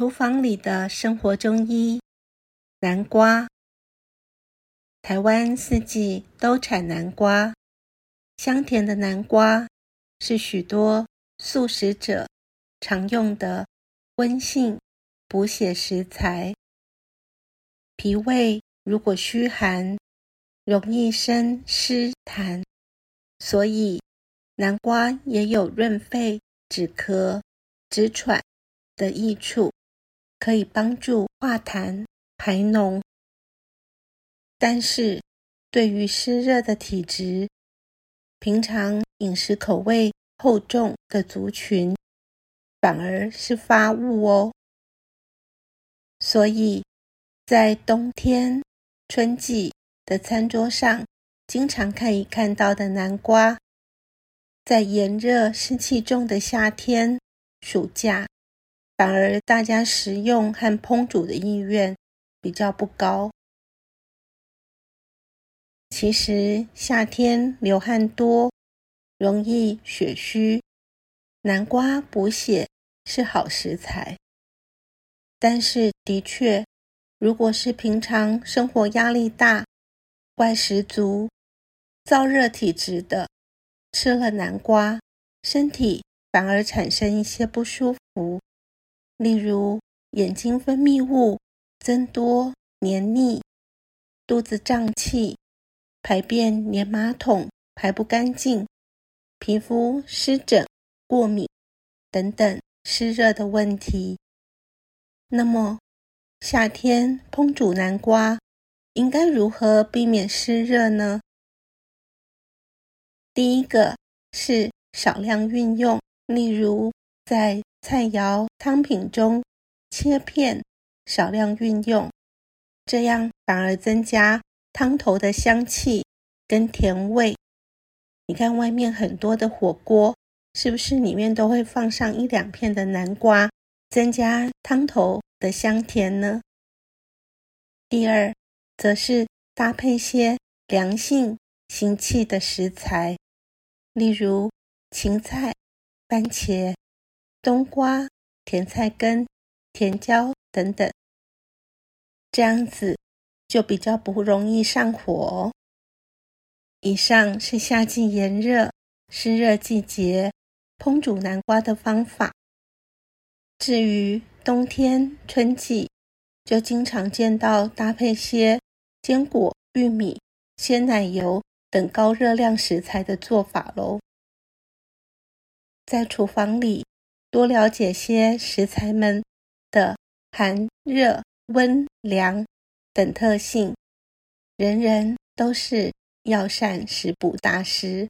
廚房裡的生活中醫，南瓜。台灣四季都產南瓜，香甜的南瓜是許多素食者常用的溫性補血食材。脾胃如果虛寒，容易生濕痰，所以南瓜也有潤肺止咳止喘的益處。可以幫助化痰排膿，但是對於濕熱的體質、平常飲食口味厚重的族群，反而是發物哦。所以在冬天、春季的餐桌上，經常可以看到的南瓜，在炎熱濕氣重的夏天、暑假。反而大家食用和烹煮的意願比較不高。其實夏天流汗多，容易血虛，南瓜補血是好食材。但是的確，如果是平常生活壓力大、外食族、燥熱體質的，吃了南瓜，身體反而產生一些不舒服。例如眼睛分泌物增多、黏膩，肚子脹氣、排便黏馬桶、排不乾淨，皮膚濕疹、過敏等等濕熱的問題。那麼，夏天烹煮南瓜應該如何避免濕熱呢？第一個是少量運用，例如在。菜餚湯品中切片少量運用，這樣反而增加湯頭的香氣跟甜味。你看外面很多的火鍋，是不是裡面都會放上一兩片的南瓜，增加湯頭的香甜呢？第二，則是搭配些涼性、行氣的食材，例如芹菜、番茄。冬瓜、甜菜根、甜椒等等，這樣子就比較不容易上火哦。以上是夏季炎熱、濕熱季節烹煮南瓜的方法。至於冬天、春季，就經常見到搭配些堅果、玉米、鮮奶油等高熱量食材的做法嘍。在廚房裡，多了解些食材們的寒、熱、溫、涼等特性，人人都是藥膳食補大師。